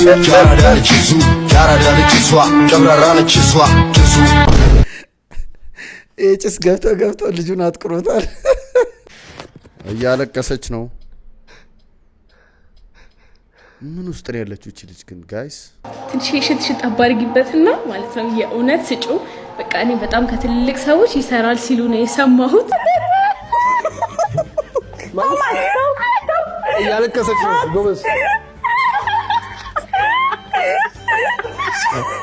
ይህ ጭስ ገብቶ ገብቶ ልጁን አጥቁሮታል። እያለቀሰች ነው። ምን ውስጥ ነው ያለችው እቺ ልጅ ግን? ጋይስ ትንሽ ሽት ሽት አባርጊበትና ማለት ነው የእውነት ስጩ። በቃ እኔ በጣም ከትልልቅ ሰዎች ይሰራል ሲሉ ነው የሰማሁት። እያለቀሰች ነው ጎበዝ Yeah.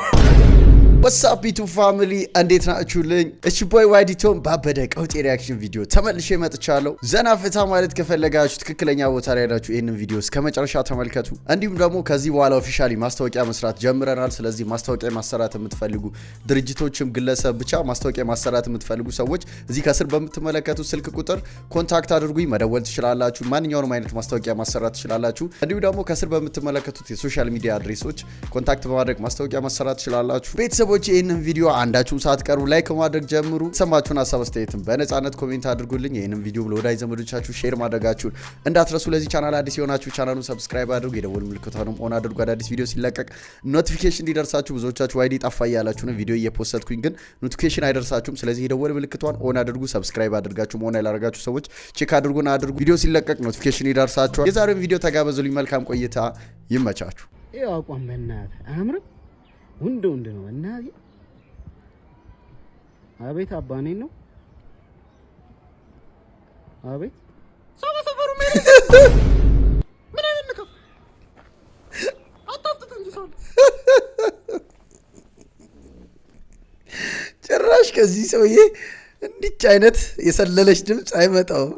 ወሳፒ ቱ ፋሚሊ እንዴት ናችሁልኝ? እች ቦይ ዋይዲቶም ባበደ ቀውጤ ሪያክሽን ቪዲዮ ተመልሼ መጥቻለሁ። ዘና ፍታ ማለት ከፈለጋችሁ ትክክለኛ ቦታ ላይ ያላችሁ ይህንን ቪዲዮ እስከ መጨረሻ ተመልከቱ። እንዲሁም ደግሞ ከዚህ በኋላ ኦፊሻሊ ማስታወቂያ መስራት ጀምረናል። ስለዚህ ማስታወቂያ ማሰራት የምትፈልጉ ድርጅቶችም ግለሰብ ብቻ ማስታወቂያ ማሰራት የምትፈልጉ ሰዎች እዚህ ከስር በምትመለከቱ ስልክ ቁጥር ኮንታክት አድርጉኝ፣ መደወል ትችላላችሁ። ማንኛውንም አይነት ማስታወቂያ ማሰራት ትችላላችሁ። እንዲሁም ደግሞ ከስር በምትመለከቱት የሶሻል ሚዲያ አድሬሶች ኮንታክት በማድረግ ማስታወቂያ ማሰራት ትችላላችሁ ቤተሰቦች ይህንን ቪዲዮ አንዳችሁም ሳትቀሩ ላይክ ማድረግ ጀምሩ። ሰማችሁን ሀሳብ አስተያየትም በነጻነት ኮሜንት አድርጉልኝ። ይህንን ቪዲዮ ለወዳጅ ዘመዶቻችሁ ሼር ማድረጋችሁን እንዳትረሱ። ለዚህ ቻናል አዲስ የሆናችሁ ቻናሉን ሰብስክራይብ አድርጉ። የደወል ምልክቷንም ኦን አድርጉ። አዳዲስ ቪዲዮ ሲለቀቅ ኖቲፊኬሽን እንዲደርሳችሁ። ብዙዎቻችሁ ዋይዲ ጠፋ እያላችሁ ነው። ቪዲዮ እየፖሰትኩኝ ግን ኖቲፊኬሽን አይደርሳችሁም። ስለዚህ የደወል ምልክቷን ኦን አድርጉ። ሰብስክራይብ አድርጋችሁ መሆን ያላረጋችሁ ሰዎች ቼክ አድርጉን አድርጉ። ቪዲዮ ሲለቀቅ ኖቲፊኬሽን ይደርሳችኋል። የዛሬውን ቪዲዮ ተጋበዙልኝ። መልካም ቆይታ። ይመቻችሁ። ይህ አቋም በእናትህ አያምርም። ወንድ ወንድ ነው እና አቤት አባኔ ነው አቤት ሰው በሰፈሩ ጭራሽ ከዚህ ሰውዬ እንዲች አይነት የሰለለች ድምፅ አይመጣውም።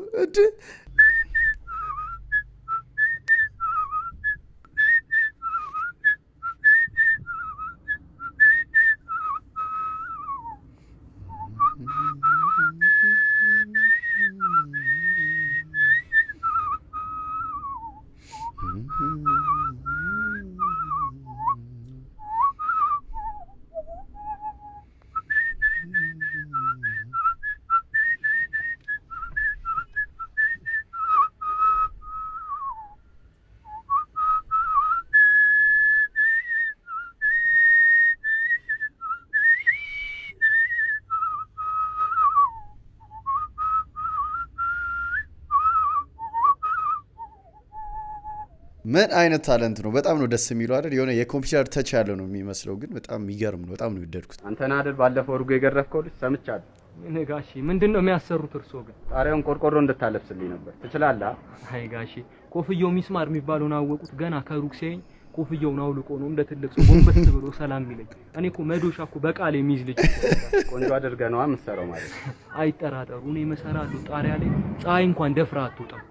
ምን አይነት ታለንት ነው! በጣም ነው ደስ የሚለው አይደል? የሆነ የኮምፒውተር ተች ያለ ነው የሚመስለው፣ ግን በጣም የሚገርም ነው። በጣም ነው የወደድኩት። አንተና አይደል ባለፈው እርጎ የገረፍከው ልጅ ሰምቻለሁ። እኔ ጋሼ ምንድን ነው የሚያሰሩት? እርስዎ ግን ጣሪያውን ቆርቆሮ እንድታለብስልኝ ነበር። ትችላለህ? አይ ጋሺ፣ ኮፍያው ሚስማር የሚባለውን አወቁት። ገና ከሩቅ ሲያየኝ ኮፍያውን አውልቆ ነው እንደ ትልቅ ሰው ጎንበስ ብሎ ሰላም የሚለኝ። እኔ እኮ መዶሻ እኮ በቃል የሚይዝ ልጅ። ቆንጆ አድርገህ ነዋ የምትሰራው ማለት ነው። አይጠራጠሩ፣ እኔ መሰራለሁ። ጣሪያ ላይ ፀሐይ እንኳን ደፍራ አትወጣም፣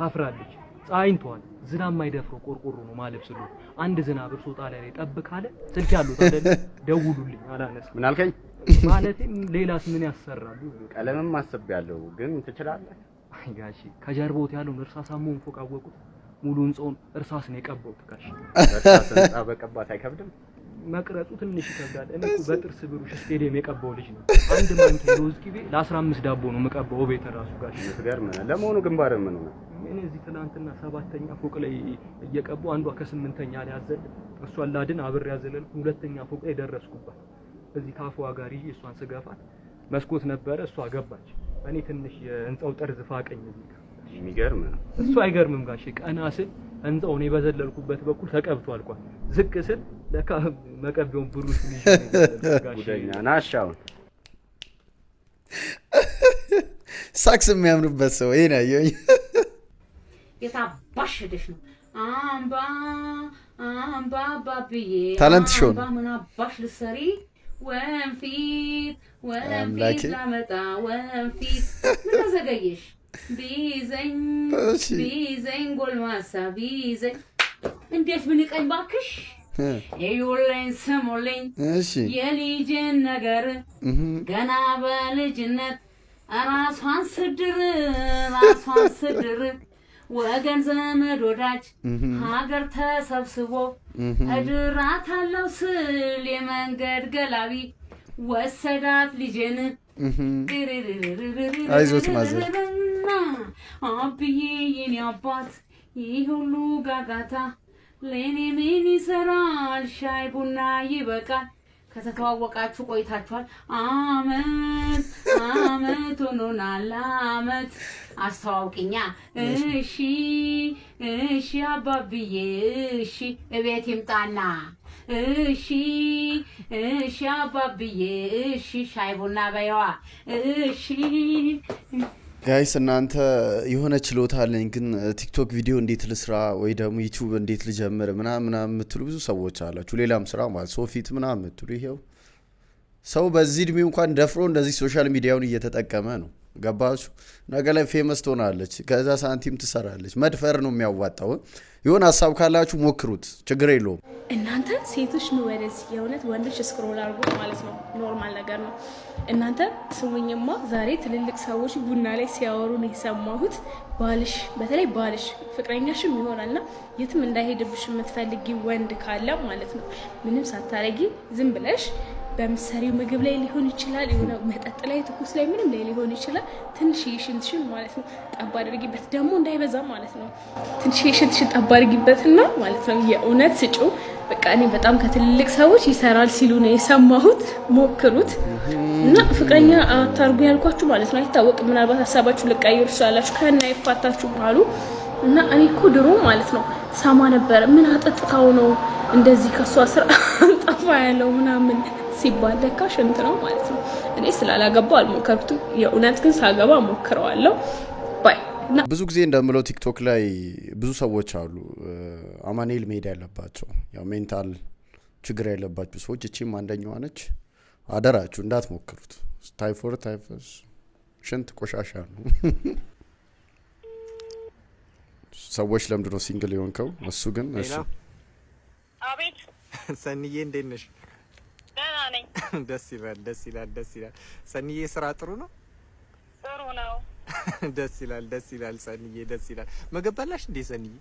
ታፍራለች። ጻይንቷል ዝናብ የማይደፍረው ቆርቆሮ ነው ማለብ ስሉ አንድ ዝናብ እርሶ ጣሊያ ላይ ጠብ ካለ ስልክ ያሉት አይደል? ደውሉልኝ አላነስ ምን አልከኝ? ማለትም ሌላስ ምን ያሰራሉ? ቀለምም አስቤያለሁ፣ ግን ትችላለህ? አይ ከጀርቦት ያለውን እርሳሳሙን ፎቅ አወቁት። ሙሉ ህንጻውን እርሳስ ነው የቀባው። ጋሺ እርሳስ ህንጻ በቀባት አይከብድም። መቅረጹ ትንሽ ይከብዳል። እኔ በጥርስ ብሩሽ ስቴዲየም የቀባው ልጅ ነው። አንድ ማንኪያ የለውዝ ቅቤ ለ15 ዳቦ ነው የምቀባው ቤት ራሱ ጋር። ለመሆኑ ግንባር ምን ሆነ? እኔ እዚህ ትናንትና ሰባተኛ ፎቅ ላይ እየቀቡ አንዷ ከስምንተኛ ላይ አዘል እሷን ላድን አብሬ ያዘለልኩ ሁለተኛ ፎቅ ላይ ደረስኩባት። እዚህ ካፏ ጋር ይዤ እሷን ስገፋት መስኮት ነበረ፣ እሷ ገባች። እኔ ትንሽ የህንጻው ጠርዝ ፋቀኝ። እዚህ የሚገርም እሱ አይገርምም ጋሽ ቀና ስል ህንጻው እኔ በዘለልኩበት በኩል ተቀብቶ አልቋል። ዝቅ ስል ለካ መቀቢያውን ብሩ ናሻውን ሳክስ የሚያምርበት ሰው ይሄን ያየኝ የታባሽ ሄደሽ ነው አምባ አምባ ባብዬ ታለንት ሾ ነው ምን አባሽ ልትሰሪ ወንፊት ወንፊት ላመጣ ወንፊት ምን ተዘገየሽ ቢይዘኝ ቢይዘኝ ጎልማሳ ቢይዘኝ እንዴት ብንቀኝ ባክሽ ይውልኝ ስሙልኝ የልጅን ነገር ገና በልጅነት ራሷን ስድር ራሷን ስድር ወገን ዘመድ ወዳጅ ሀገር ተሰብስቦ እድራት አለው ስል የመንገድ ገላቢ ወሰዳት ልጄን አይዞት ማዘር አብዬ የኔ አባት ይህ ሁሉ ጋጋታ ለእኔ ምን ይሰራል? ሻይ ቡና ይበቃል። ከተተዋወቃችሁ ቆይታችኋል። አመት አመት ሆኖናል። አመት አስተዋውቅኛ። እሺ እሺ አባብዬ እሺ እቤት ይምጣና እሺ እሺ አባብዬ እሺ ሻይ ቡና በይዋ እሺ ጋይስ እናንተ የሆነ ችሎታ አለኝ ግን ቲክቶክ ቪዲዮ እንዴት ልስራ ወይ ደግሞ ዩቲዩብ እንዴት ልጀምር ምናምን ምናምን የምትሉ ብዙ ሰዎች አላችሁ። ሌላም ስራ ማለት ሶፊት ምናምን የምትሉ ይሄው ሰው በዚህ እድሜ እንኳን ደፍሮ እንደዚህ ሶሻል ሚዲያውን እየተጠቀመ ነው። ገባችሁ? ነገ ላይ ፌመስ ትሆናለች፣ ከዛ ሳንቲም ትሰራለች። መድፈር ነው የሚያዋጣው። የሆነ ሀሳብ ካላችሁ ሞክሩት፣ ችግር የለውም። ሴቶች ነው ወደዚህ የእውነት ወንዶች ስክሮል አርጎ ማለት ነው። ኖርማል ነገር ነው። እናንተ ስሙኝማ፣ ዛሬ ትልልቅ ሰዎች ቡና ላይ ሲያወሩ ነው የሰማሁት። ባልሽ፣ በተለይ ባልሽ ፍቅረኛሽም ይሆናልና የትም እንዳይሄድብሽ የምትፈልጊ ወንድ ካለ ማለት ነው ምንም ሳታረጊ ዝም ብለሽ በምትሰሪው ምግብ ላይ ሊሆን ይችላል፣ የሆነ መጠጥ ላይ፣ ትኩስ ላይ፣ ምንም ላይ ሊሆን ይችላል። ትንሽ ሽንትሽን ማለት ነው ጠብ አድርጊበት፣ ደግሞ እንዳይበዛ ማለት ነው። ትንሽ ሽንትሽን ጠብ አድርጊበትና ማለት ነው የእውነት ስጩ በቃ እኔ በጣም ከትልልቅ ሰዎች ይሰራል ሲሉ ነው የሰማሁት። ሞክሩት እና ፍቅረኛ አታርጉ ያልኳችሁ ማለት ነው አይታወቅም ምናልባት ሀሳባችሁ ልቀይሩ ትችላላችሁ። ከና ይፋታችሁ ባሉ እና እኔ እኮ ድሮ ማለት ነው ሰማ ነበረ። ምን አጠጥታው ነው እንደዚህ ከእሷ ስራ ጠፋ ያለው ምናምን ሲባል ለካ ሽንት ነው ማለት ነው። እኔ ስላላገባው አልሞከርኩትም። የእውነት ግን ሳገባ ሞክረዋለሁ። ብዙ ጊዜ እንደምለው ቲክቶክ ላይ ብዙ ሰዎች አሉ አማኔል መሄድ ያለባቸው ያው ሜንታል ችግር ያለባቸው ሰዎች፣ እቺም አንደኛዋ ነች። አደራችሁ እንዳትሞክሩት። ታይፎር ታይፈስ፣ ሽንት ቆሻሻ ነው። ሰዎች ለምንድን ነው ሲንግል የሆንከው? እሱ ግን እሱ አቤት። ሰንዬ እንዴት ነሽ? ደህና ነኝ። ደስ ይላል፣ ደስ ይላል፣ ደስ ይላል። ሰንዬ ስራ ጥሩ ነው፣ ጥሩ ነው ደስ ይላል፣ ደስ ይላል ሰንዬ፣ ደስ ይላል። ምግብ በላሽ እንዴ ሰንዬ?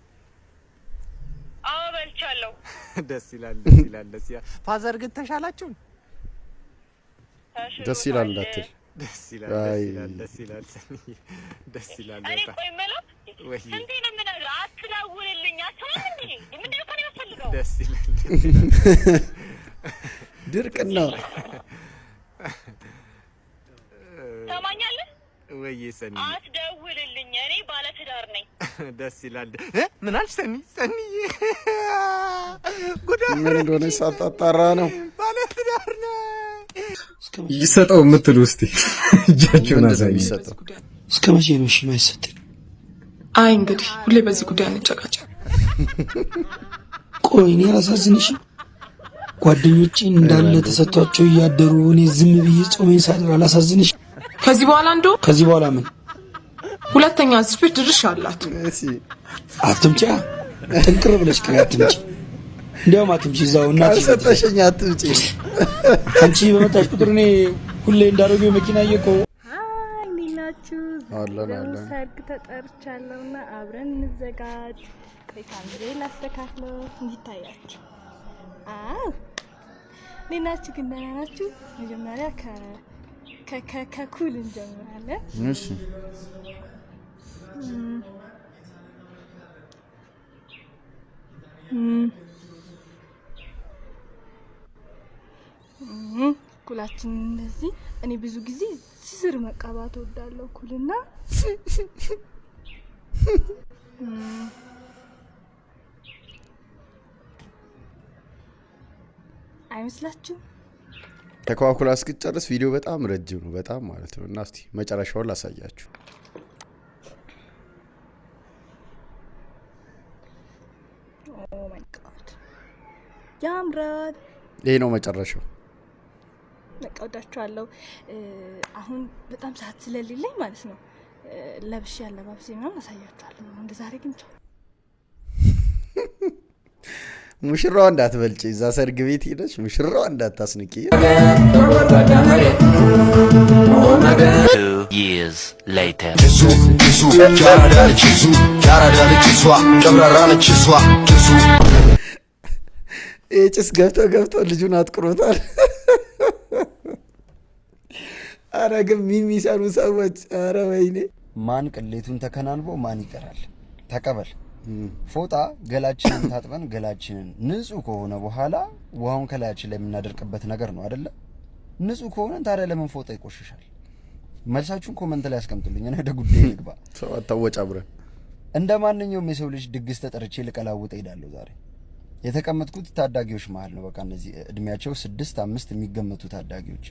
አዎ በልቻለሁ። ደስ ይላል፣ ደስ ይላል፣ ደስ ይላል። ፋዘር ግን ተሻላችሁ? ደስ ይላል እንዳትል። ደስ ይላል፣ ደስ ይላል፣ ደስ ይላል ሰንዬ፣ ደስ ይላል። እኔ ቆይ የምለው እንዴ ነው የምነግርህ፣ አትላውልልኝ። አትላው እንዴ ምንድነው ነው የምትፈልገው? ደስ ይላል ድርቅና ቆየ ሰኒ አትደውልልኝ፣ እኔ ባለትዳር ነኝ። ደስ ይላል። ምን አልሽ ሰኒ? ሰኒ ጉዳ ምን እንደሆነ ሳታጣራ ነው። ባለትዳር ነህ ይሰጠው የምትሉ እስቲ እጃችሁን አሳይ። እስከ መቼ ነው እሺ የማይሰጥ? አይ እንግዲህ ሁሌ በዚህ ጉዳይ አንጨቃጨቅ። ቆይ እኔ አላሳዝንሽም? ጓደኞቼ እንዳለ ተሰጥቷቸው እያደሩ እኔ ዝም ብዬ ጾመኝ ሳድር አላሳዝንሽም? ከዚህ በኋላ እንዶ ከዚህ በኋላ ምን ሁለተኛ ስፒድ ድርሽ አላት። አትምጪ፣ ጥንቅር ብለሽ ቀሪ፣ አትምጪ። እንዲያውም አትምጪ፣ እዛው እናትሽ ሰጠሽኝ፣ አትምጪ። አንቺ በመጣሽ ቁጥር እኔ ሁሌ እንዳደረገው መኪና እየቆ ናችሁ ሰርግ ተጠርቻለሁና አብረን እንዘጋጅ። ቆይታንዜ ላስተካክለው እንዲታያችሁ። አዎ፣ ሌላችሁ ግን ደህና ናችሁ? መጀመሪያ ከ ከኩል እንጀምራለን። እሺ ኩላችንን እንደዚህ እኔ ብዙ ጊዜ ስር መቀባት እወዳለሁ። ኩልና አይመስላችሁም? ተኳኩላ እስክጨርስ ቪዲዮ በጣም ረጅም ነው፣ በጣም ማለት ነው። እና እስቲ መጨረሻውን ላሳያችሁ። oh ያምራል። ይህ ነው መጨረሻው። በቃ ወዳችኋለሁ። አሁን በጣም ሰዓት ስለሌለኝ ማለት ነው ለብሼ ያለባብሴ ምናምን አሳያችኋለሁ። እንደ ዛሬ ግን ቻው። ሙሽራዋ እንዳትበልጭ፣ እዛ ሰርግ ቤት ሄደች ሙሽራዋ እንዳታስንቂ። ይህ ጭስ ገብቶ ገብቶ ልጁን አጥቅሮታል? አረ ግን የሚሰሩ ሰዎች አረ ወይኔ! ማን ቅሌቱን ተከናንቦ ማን ይቀራል? ተቀበል ፎጣ ገላችንን ታጥበን ገላችንን ንጹህ ከሆነ በኋላ ውሃውን ከላያችን ላይ የምናደርቅበት ነገር ነው አይደለ? ንጹህ ከሆነ ታዲያ ለምን ፎጣ ይቆሽሻል? መልሳችሁን ኮመንት ላይ ያስቀምጡልኝ። እኔ ወደ ጉዳይ ልግባ። ታወጫ ብረን እንደ ማንኛውም የሰው ልጅ ድግስ ተጠርቼ ልቀላውጥ ሄዳለሁ ዛሬ የተቀመጥኩት ታዳጊዎች መሀል ነው። በቃ እነዚህ እድሜያቸው ስድስት አምስት የሚገመቱ ታዳጊዎች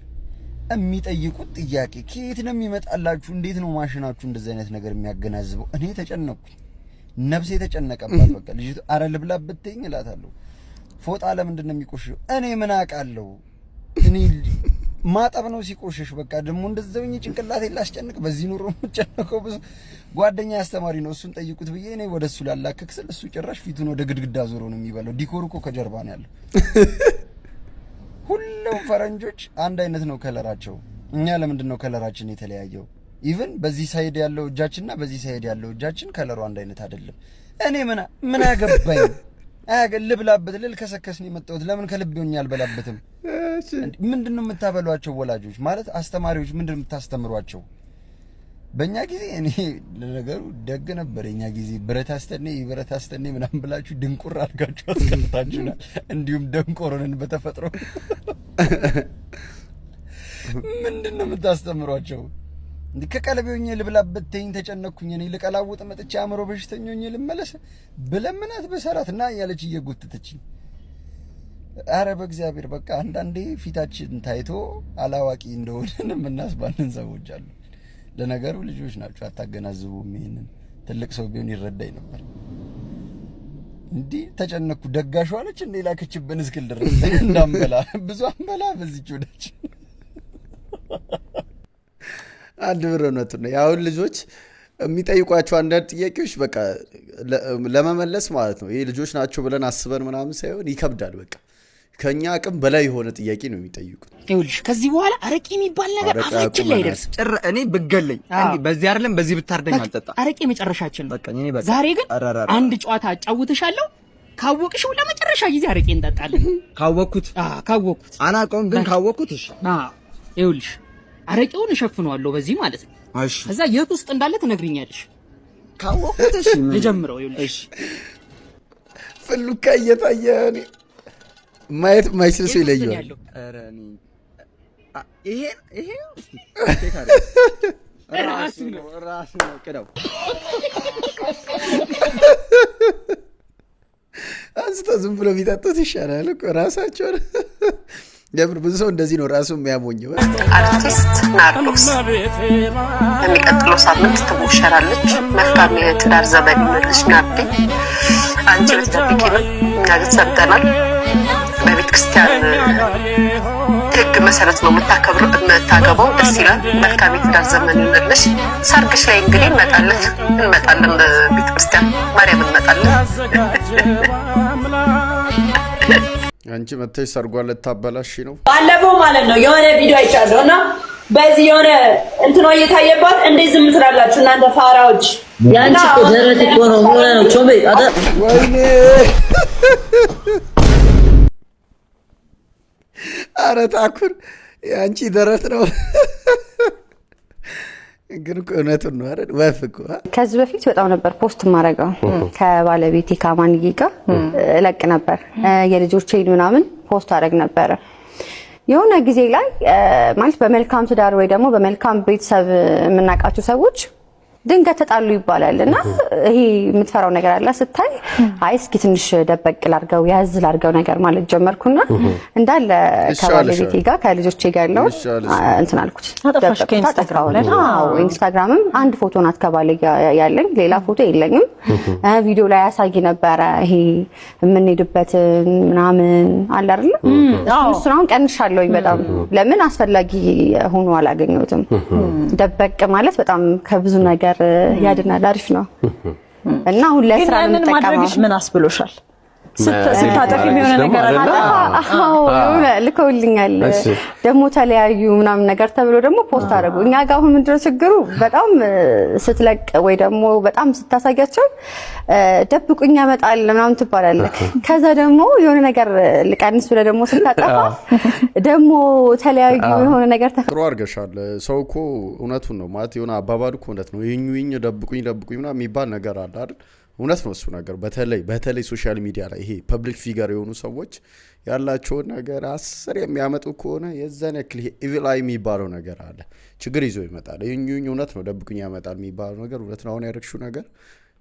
የሚጠይቁት ጥያቄ ከየት ነው የሚመጣላችሁ? እንዴት ነው ማሽናችሁ እንደዚህ አይነት ነገር የሚያገናዝበው? እኔ ተጨነቅኩኝ። ነብስ የተጨነቀባት በቃ ልጅቱ አረ ልብላ ብትይኝ እላታለሁ። ፎጣ ለምንድን ነው የሚቆሽሸው? እኔ ምን አውቃለሁ? እኔ ማጠብ ነው ሲቆሽሽ። በቃ ደግሞ እንደዛው ጭንቅላቴ ላስጨንቅ በዚህ ኑሮ የምጨነቀው ብዙ ጓደኛ አስተማሪ ነው፣ እሱን ጠይቁት ብዬ እኔ ወደ እሱ ላላክክ ስል እሱ ጭራሽ ፊቱን ወደ ግድግዳ ዞሮ ነው የሚበላው። ዲኮር እኮ ከጀርባ ነው ያለው። ሁሉም ፈረንጆች አንድ አይነት ነው ከለራቸው። እኛ ለምንድን ነው ከለራችን የተለያየው? ኢቨን በዚህ ሳይድ ያለው እጃችንና በዚህ ሳይድ ያለው እጃችን ከለሩ አንድ አይነት አይደለም። እኔ ምን ምን አገባኝ? ልብላበት ልል ከሰከስን የመጣሁት ለምን ከልብ ሆኜ አልበላበትም? ምንድን ነው የምታበሏቸው ወላጆች ማለት አስተማሪዎች ምንድን ነው የምታስተምሯቸው? በእኛ ጊዜ እኔ ለነገሩ ደግ ነበር። የኛ ጊዜ ብረት አስተኔ ብረት አስተኔ ምናምን ብላችሁ ድንቁር አድርጋችሁ አስቀምጣችሁናል። እንዲሁም ደንቆሮንን በተፈጥሮ ምንድን ነው የምታስተምሯቸው? እንዲህ ከቀለቤ ሆኜ ልብላ ብትይኝ ተጨነኩኝ። እኔ ልቀላውጥ መጥቼ አእምሮ በሽተኛ ሆኜ ልመለስ ብለምናት በሰራት ና እያለች እየጎተተችኝ። አረ በእግዚአብሔር በቃ አንዳንዴ ፊታችን ታይቶ አላዋቂ እንደሆነን የምናስባልን ሰዎች አሉ። ለነገሩ ልጆች ናቸው፣ አታገናዝቡም። ይሄንን ትልቅ ሰው ቢሆን ይረዳኝ ነበር። እንዲህ ተጨነኩ ደጋሹ አለች እንደ ላክችብን እስክል ድረስ እንዳንበላ ብዙ አንበላ በዚች ወዳችን አንድ ብር እውነቱ ነው። የአሁን ልጆች የሚጠይቋቸው አንዳንድ ጥያቄዎች በቃ ለመመለስ ማለት ነው ይህ ልጆች ናቸው ብለን አስበን ምናምን ሳይሆን ይከብዳል። በቃ ከእኛ አቅም በላይ የሆነ ጥያቄ ነው የሚጠይቁት። ይኸውልሽ ከዚህ በኋላ አረቄ የሚባል ነገር አፋችን ላይ አይደርስም። እኔ ብገለኝ በዚህ አይደለም በዚህ ብታርደኝ አልጠጣም። አረቄ መጨረሻችን። ዛሬ ግን አንድ ጨዋታ አጫውትሻለሁ። ካወቅሽው ለመጨረሻ ጊዜ አረቄ እንጠጣለን። ካወቅኩት ካወቅኩት አናውቀውም ግን ካወቅኩት ይኸውልሽ አረቄውን እሸፍነዋለሁ በዚህ ማለት ነው። ከዛ የት ውስጥ እንዳለ ትነግሪኛለሽ። ካወቁት እሺ፣ ልጀምረው። ይኸውልሽ ፍሉካ እየታየ ማየት የማይችል ሰው ይለየዋል። አንስቶ ዝም ብሎ ቢጠጡት ይሻላል እኮ ራሳቸውን ለምን ብዙ ሰው እንደዚህ ነው ራሱ የሚያሞኘው? አርቲስት ናርዶስ በሚቀጥለው ሳምንት ትሞሸራለች። መልካም የትዳር ዘመን ይመልሽ ናቤ። አንቺ ብትጠብቂ ነው፣ እኛ ግን ሰምተናል። በቤተ ክርስቲያን ሕግ መሰረት ነው የምታከብረው የምታገባው። ደስ ይላል። መልካም የትዳር ዘመን ይመልሽ። ሰርግሽ ላይ እንግዲህ እንመጣለን፣ እንመጣለን። ቤተ ክርስቲያን ማርያም እንመጣለን። አንቺ መተሽ ሰርጓ ልታበላሽ ነው። ባለፈው ማለት ነው የሆነ ቪዲዮ አይቻለሁ እና በዚህ የሆነ እንትኖ እየታየባት እንዴ ዝም ትላላችሁ እናንተ ፋራዎች? ያንቺ ደረት እኮ ነው ሆነ ነው ቾቤ አዳ ወይኔ አረ ታኩር ያንቺ ደረት ነው። ግን እውነቱን ነው ወፍ እኮ ከዚህ በፊት በጣም ነበር ፖስት ማድረገው ከባለቤቴ ከማንዬ ጋር እለቅ ነበር የልጆቼን ምናምን ፖስት አደረግ ነበረ። የሆነ ጊዜ ላይ ማለት በመልካም ትዳር ወይ ደግሞ በመልካም ቤተሰብ የምናውቃቸው ሰዎች ድንገት ተጣሉ ይባላል እና ይሄ የምትፈራው ነገር አለ ስታይ፣ አይ እስኪ ትንሽ ደበቅ ላርገው ያዝ ላርገው ነገር ማለት ጀመርኩና እንዳለ ከባለቤቴ ጋር ከልጆቼ ጋር ያለው እንትን አልኩት። ኢንስታግራምም አንድ ፎቶ ናት ከባሌ ጋር ያለኝ፣ ሌላ ፎቶ የለኝም። ቪዲዮ ላይ ያሳይ ነበረ ይሄ የምንሄድበትን ምናምን አለ አይደለ? እሱን አሁን ቀንሻለሁኝ በጣም ለምን አስፈላጊ ሆኖ አላገኘሁትም። ደበቅ ማለት በጣም ከብዙ ነገር ነገር ያድናል። አሪፍ ነው እና አሁን ስራ ምን ማድረግሽ ምን አስብሎሻል? ስታጠፊ የሚሆነ ነገር አለ። ልከውልኛል ደግሞ ተለያዩ ምናምን ነገር ተብሎ ደግሞ ፖስት አደረጉ። እኛ ጋር አሁን ምንድነው ችግሩ? በጣም ስትለቅ ወይ ደግሞ በጣም ስታሳያቸው ደብቁኝ ያመጣል ምናምን ትባላለህ። ከዛ ደግሞ የሆነ ነገር ልቀንስ ብለህ ደግሞ ስታጠፋ ደግሞ ተለያዩ የሆነ ነገር አድርገሻል። ሰው እኮ እውነቱን ነው ማለት የሆነ አባባል እኮ እውነት ነው። ደብቁኝ ደብቁኝ ምናምን የሚባል ነገር አለ አይደል እውነት ነው እሱ ነገር። በተለይ በተለይ ሶሻል ሚዲያ ላይ ይሄ ፐብሊክ ፊገር የሆኑ ሰዎች ያላቸውን ነገር አስር የሚያመጡ ከሆነ የዛን ያክል ይሄ ኢቪል አይ የሚባለው ነገር አለ ችግር ይዞ ይመጣል። ይህኙኝ እውነት ነው ደብቁኝ ያመጣል የሚባለው ነገር እውነት ነው። አሁን ያደረግሽው ነገር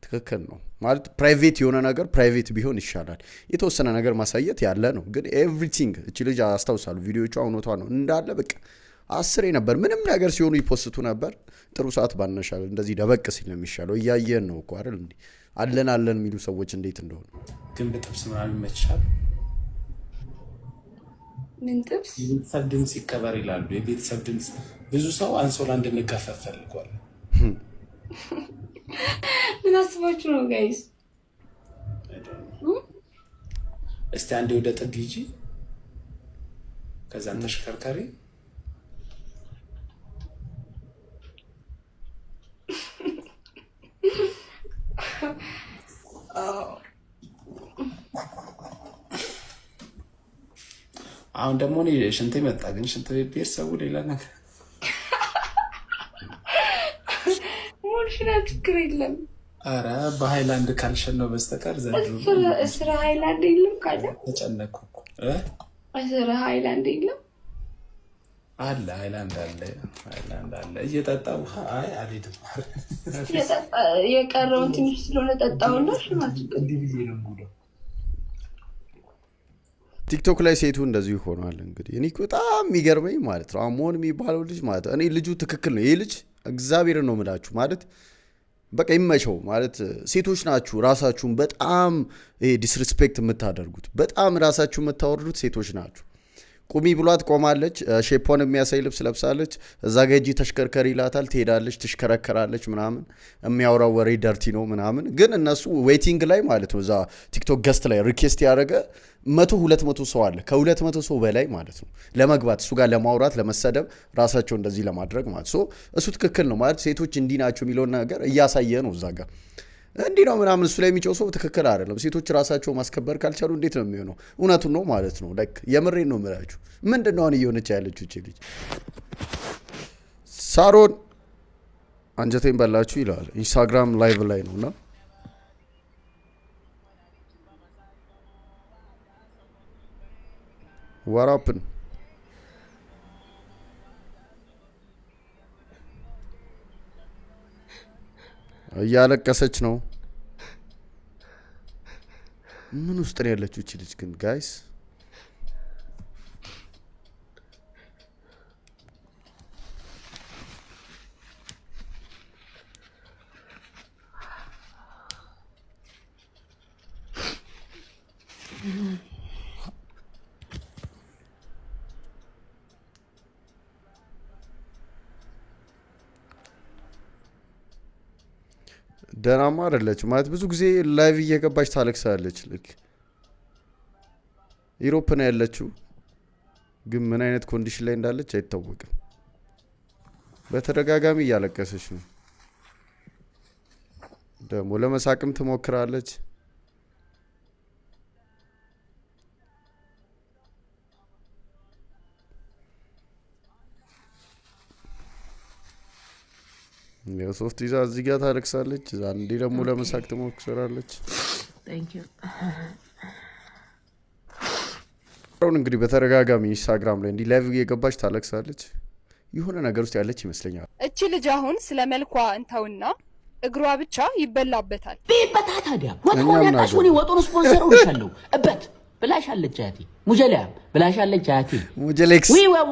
ትክክል ነው ማለት ፕራይቬት የሆነ ነገር ፕራይቬት ቢሆን ይሻላል። የተወሰነ ነገር ማሳየት ያለ ነው፣ ግን ኤቭሪቲንግ እቺ ልጅ አስታውሳሉ ቪዲዮቹ እውነቷ ነው እንዳለ በቃ አስሬ ነበር ምንም ነገር ሲሆኑ ይፖስቱ ነበር። ጥሩ ሰዓት ባነሻል እንደዚህ ደበቅ ሲል ነው የሚሻለው። እያየን ነው እኮ አይደል እንዲህ አለን አለን የሚሉ ሰዎች እንዴት እንደሆኑ ግን በጥብስ ምናምን ይመችሻል። ምን ጥብስ? የቤተሰብ ድምፅ ይከበር ይላሉ። የቤተሰብ ድምፅ ብዙ ሰው አንሶላ እንድንጋፈፍ ፈልጓል። ምን አስባችሁ ነው ጋይስ? እስቲ አንዴ ወደ ጥግ ሂጂ፣ ከዛን ተሽከርካሪ አሁን ደግሞ ሽንት መጣ፣ ግን ሽንት ቤት ብሄድ ሰው ሌላ ነገር ሆንሽና ችግር የለም። አረ በሃይላንድ ካልሸን ነው በስተቀር ዘእስረ ሃይላንድ የለም ካለ ተጨነኩ። እስረ ሃይላንድ የለም አለ ሃይላንድ አለ ሃይላንድ አለ። እየጠጣ ውሃ አይ አልሄድም። የቀረውን ትንሽ ስለሆነ ጠጣውና ሽማች እንዲህ ብዬ ነው ቲክቶክ ላይ ሴቱ እንደዚሁ ይሆናል። እንግዲህ እኔ በጣም የሚገርመኝ ማለት ነው አሞን የሚባለው ልጅ ማለት እኔ ልጁ ትክክል ነው። ይህ ልጅ እግዚአብሔር ነው ምላችሁ ማለት በቃ ይመቸው ማለት ሴቶች ናችሁ። ራሳችሁን በጣም ዲስሪስፔክት የምታደርጉት በጣም ራሳችሁ የምታወርዱት ሴቶች ናችሁ። ቁሚ ብሏት ቆማለች። ሼፖን የሚያሳይ ልብስ ለብሳለች። እዛ ገጂ ሂጂ ተሽከርከሪ ይላታል። ትሄዳለች፣ ትሽከረከራለች ምናምን። የሚያወራው ወሬ ደርቲ ነው ምናምን። ግን እነሱ ዌይቲንግ ላይ ማለት ነው እዛ ቲክቶክ ገስት ላይ ሪኬስት ያደረገ መቶ ሁለት መቶ ሰው አለ ከሁለት መቶ ሰው በላይ ማለት ነው ለመግባት እሱ ጋር ለማውራት ለመሰደብ ራሳቸው እንደዚህ ለማድረግ ማለት እሱ ትክክል ነው ማለት ሴቶች እንዲህ ናቸው የሚለውን ነገር እያሳየ ነው እዛ ጋር እንዲህ ነው ምናምን እሱ ላይ የሚጨው ሰው ትክክል አይደለም። ሴቶች ራሳቸው ማስከበር ካልቻሉ እንዴት ነው የሚሆነው? እውነቱን ነው ማለት ነው። ላይክ የምሬን ነው የምላችሁ። ምንድን ነው አሁን እየሆነች ያለችው እች ልጅ? ሳሮን አንጀቴን በላችሁ ይለዋል ኢንስታግራም ላይቭ ላይ ነው እና ዋራፕን እያለቀሰች ነው። ምን ውስጥ ነው ያለችው እቺ ልጅ ግን ጋይስ? ደህናማ አይደለችም ማለት ብዙ ጊዜ ላይቭ እየገባች ታለቅሳለች። ልክ ኢሮፕ ነው ያለችው፣ ግን ምን አይነት ኮንዲሽን ላይ እንዳለች አይታወቅም። በተደጋጋሚ እያለቀሰች ነው ደግሞ ለመሳቅም ትሞክራለች። የሶፍት ይዛ እዚህ ጋር ታለቅሳለች። አንዴ ደግሞ ለመሳቅ ትሞክራለች። አሁን እንግዲህ በተደጋጋሚ ኢንስታግራም ላይ እንዲህ ላይቭ የገባች ታለቅሳለች። የሆነ ነገር ውስጥ ያለች ይመስለኛል። እቺ ልጅ አሁን ስለ መልኳ እንተውና እግሯ ብቻ ይበላበታል። ቤበታ ታዲያ ወጥሆነቃሽ ሆኔ ወጡን ስፖንሰር ሆንሻለሁ እበት ብላሻለች አለች አያቴ ሙጀሊያ ብላሽ አያቴ ሙጀሌክስ ዊ ወቡ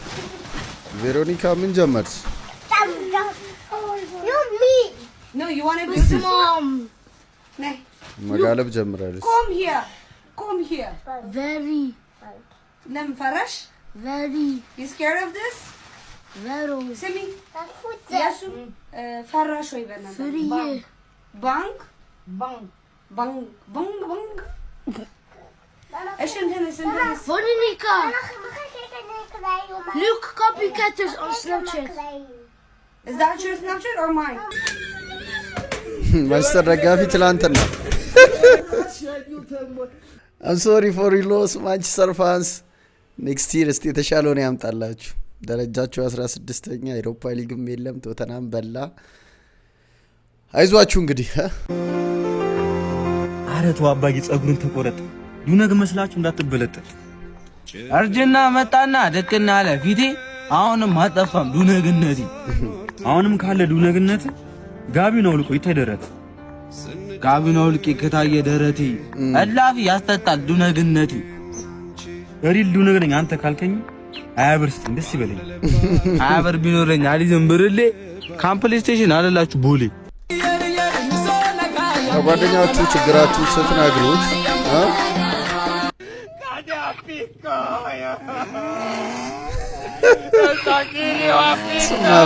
Veronica Minjammers. You me. No, you want to do mom. መጋለብ ጀምራለች። ኮም ሂር ኮም ሂር ቨሪ ነም ፈረሽ ቨሪ ዩ ስኬርድ ኦፍ ዲስ ቬሮ ስሚ ያሱ ፈራሽ ወይ በእናትህ ፍሪዬ ባንክ ባንክ ባንክ ባንክ ባንክ እሺ እንትንስ እንትንስ ፎኒካ Look, copy cutters on Snapchat. Is that your Snapchat or mine? Master Ragafi Chalantana. I'm sorry for your loss, Manchester fans. ኔክስት ይር እስቲ የተሻለውን ያምጣላችሁ። ደረጃችሁ አስራ ስድስተኛ ኤሮፓ ሊግም የለም ቶተናም በላ። አይዟችሁ እንግዲህ አረቱ አባጌ ጸጉርን ተቆረጠ ዱነግ መስላችሁ እንዳትበለጠል እርጅና መጣና ደቅና አለ ፊቴ። አሁንም አጠፋም ዱነግነቴ። አሁንም ካለ ዱነግነት ጋቢውን አውልቆ ይተደረት ጋቢውን አውልቄ ከታየ ደረቴ እላፊ ያስጠጣል ዱነግነቴ። ሪል ዱነግ ነኝ አንተ ካልከኝ አያብር ስጥኝ ደስ ይበለኝ። አያብር ቢኖረኝ አሊዝም ብርሌ ካምፕሌይ ስቴሽን አለላችሁ ቦሌ ከጓደኛችሁ ችግራችሁ ስትነግሩት picoya. Esta quilio a picoya.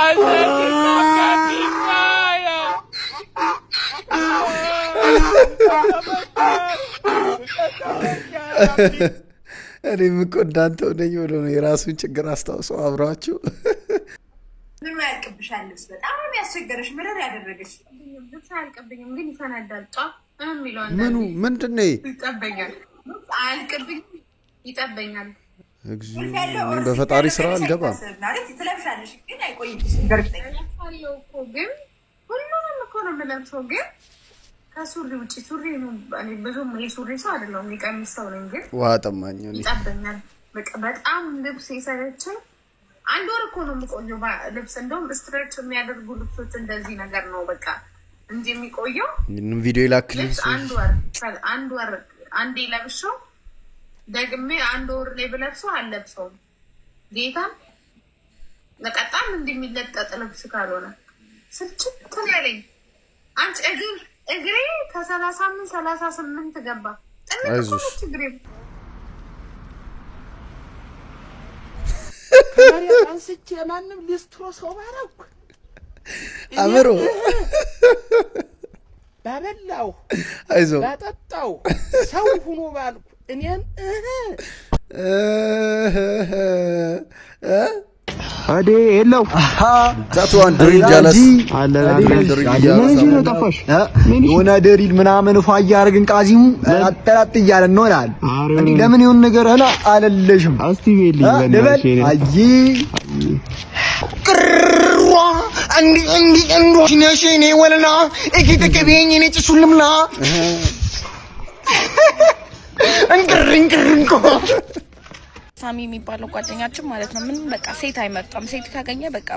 Ay, se picoya, picoya. እኔም እኮ እንዳንተ ሆነኝ ብሎ ነው የራሱን ችግር አስታውሶ አብሯችሁ ምን ያልቅብሻል? ልብስ በጣም የሚያስቸገረሽ ምርር ያደረገሽ ልብስ አያልቅብኝም፣ ግን ይፈነዳል። ጧ ምንድን ነው ይጠበኛል አያልቅብኝ፣ ይጠበኛል። በፈጣሪ ስራ አልገባም። ግን ሁሉንም እኮ ነው የምለብሰው፣ ግን ከሱሪ ውጭ ሱሪ ብዙም የሱሪ ሰው አይደለሁም፣ ሰው ነኝ። ግን ጠማኝ፣ ይጠበኛል። በጣም ልብስ የሰለቸኝ አንድ ወር እኮ ነው የምቆየው ልብስ። እንደውም ስትሬች የሚያደርጉ ልብሶች እንደዚህ ነገር ነው በቃ እንጂ የሚቆየው ቪዲዮ አንድ ወር አንድ ወር አንዴ ለብሼው ደግሜ አንድ ወር ላይ ብለብሰው አልለብሰውም። ጌታ ለቀጣም እንደሚለጠጥ ልብስ ካልሆነ ስልችት ያለኝ አንቺ እግር እግሬ ከሰላሳ አምስት ሰላሳ ስምንት ገባ ጥንቅቆች እግሬ አንስቼ የማንም ሊስትሮ ሰው ባረኩ አምሮ ባበላው አይዞህ መጣው ሰው ሁኖ ባልኩ እኔን አዴ የለው ዛትዋን ድሪል ጃለስ የሆነ ድሪል ምናምን ፏ እያደረግን ቃዚሙ አጠራጥ እያለን እንሆናል። ለምን ይሁን ነገር ና አለለሽም አይ ቅሯ እንዲ እንዲ ወለና እኪ እንቅር ሳሚ የሚባለው ጓደኛችን ማለት ነው። ምን በቃ ሴት አይመርጣም። ሴት ካገኘ በቃ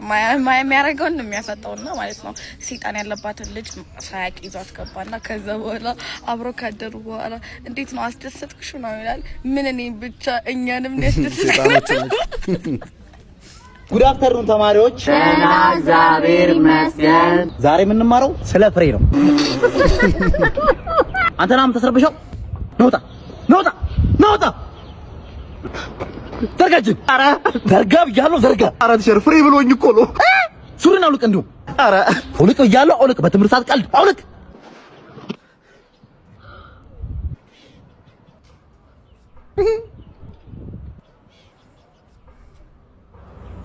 የሚያደርገውን የሚያሳጣውና ማለት ነው። ሴጣን ያለባትን ልጅ ሳያቅ ይዟት ገባና ከዛ በኋላ አብሮ ካደሩ በኋላ እንዴት ነው አስደሰትክሽ ነው ይላል። ምን እኔ ብቻ እኛንም ያስደሰት። ጉድ አፍተርኑን ተማሪዎች፣ እግዚአብሔር ይመስገን። ዛሬ የምንማረው ስለ ፍሬ ነው። አንተ ናም ተሰርበሻው ነውጣ ነውጣ ነውጣ ተርጋጅ አረ ዘርጋ ብያለሁ። ዘርጋ አረ ትሸር ፍሬ ብሎኝ እኮ ነው። ሱሪን አውልቅ፣ እንዲሁ አረ አውልቅ ብያለሁ። አውልቅ፣ በትምህርት ሰዓት ቀልድ አውልቅ።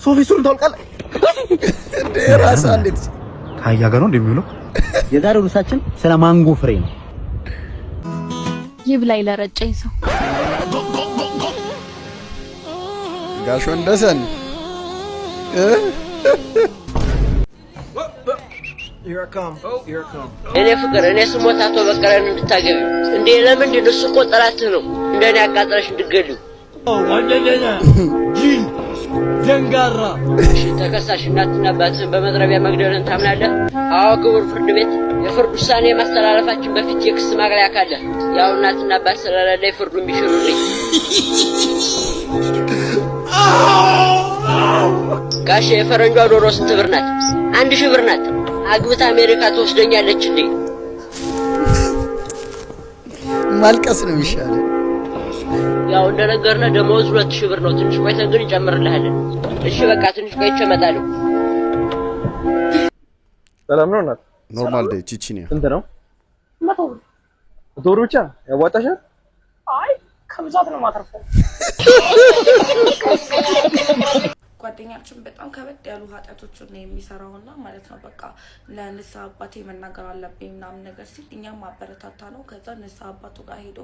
ሶፊ ሱሪ ታውልቃለህ እንዴ? ራስ እንዴት ታያ ጋር ነው እንደሚውለው። የዛሬው ልብሳችን ስለ ማንጎ ፍሬ ነው። ይብላኝ ለረጨኝ ሰው ጋሽ ወንደሰን እኔ ፍቅር እኔ ስሞት አቶ በቀለን እንድታገቢ እንዴ? ለምንድን እሱ እኮ ጠላትህ ነው። እንደኔ አቃጥለሽ እንድገሊው ወደደነ ጂን ደንጋራ ተከሳሽ እናትና አባትህን በመጥረቢያ መግደልን ታምናለህ? አዎ ክቡር ፍርድ ቤት የፍርድ ውሳኔ ማስተላለፋችን በፊት የክስ ማቅለያ ካለ ያው እናትና አባት ስለሌለኝ ፍርዱን ቢሽሩልኝ። ጋሼ የፈረንጇ ዶሮ ስንት ብር ናት? አንድ ሺህ ብር ናት። አግብታ አሜሪካ ትወስደኛለች እንዴ? ማልቀስ ነው የሚሻለው። ያው እንደነገርነህ ደሞዝ ሁለት ሺህ ብር ነው። ትንሽ ቆይተን ግን እንጨምርልሃለን። እሺ በቃ ትንሽ ቆይቼ እመጣለሁ። ሰላም ነው እናት ኖርማል ዴይ ቺቺኒያ እንት ነው መቶ ብር ብቻ ያዋጣሻል? አይ ከብዛት ነው ማተርፈው። ጓደኛችን በጣም ከበድ ያሉ ኃጢአቶችን ነው የሚሰራውና ማለት ነው በቃ ለንስሐ አባቴ መናገር አለብኝ ምናምን ነገር ሲል እኛም ማበረታታ ነው። ከዛ ንስሐ አባቱ ጋር ሄዶ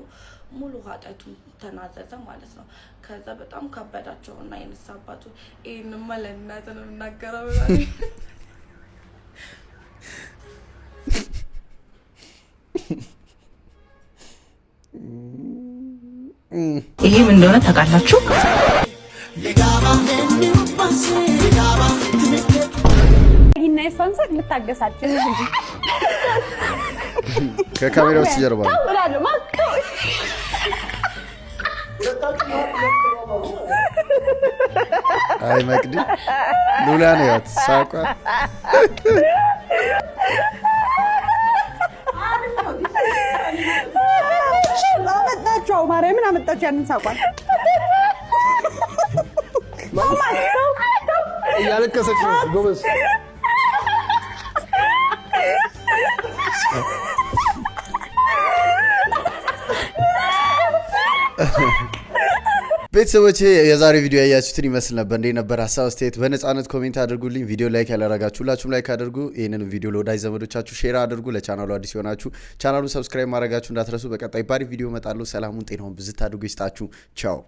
ሙሉ ኃጢአቱን ተናዘዘ ማለት ነው። ከዛ በጣም ከበዳቸው እና የንስሐ አባቱ ይህንማ ለእናት ነው የምናገረው ይህም እንደሆነ ታውቃላችሁ። ይህና የሷን ልታገሳችሁ ከካሜራ ውስጥ አይ መቅዲ ሉላ ነው ያት ሳቋ አመጣችሁ ማርያምን አመጣችሁ ያንን ሳቋል እያለቀሰች ነው ጎበዝ ቤተሰቦቼ የዛሬ ቪዲዮ ያያችሁትን ይመስል ነበር። እንዴ ነበር ሀሳብ አስተያየት በነፃነት ኮሜንት አድርጉልኝ። ቪዲዮ ላይክ ያላረጋችሁ ሁላችሁም ላይክ አድርጉ። ይህንን ቪዲዮ ለወዳጅ ዘመዶቻችሁ ሼር አድርጉ። ለቻናሉ አዲስ የሆናችሁ ቻናሉን ሰብስክራይብ ማድረጋችሁ እንዳትረሱ። በቀጣይ ባሪ ቪዲዮ እመጣለሁ። ሰላሙን ጤናውን ብዝት አድርጉ ይስጣችሁ። ቻው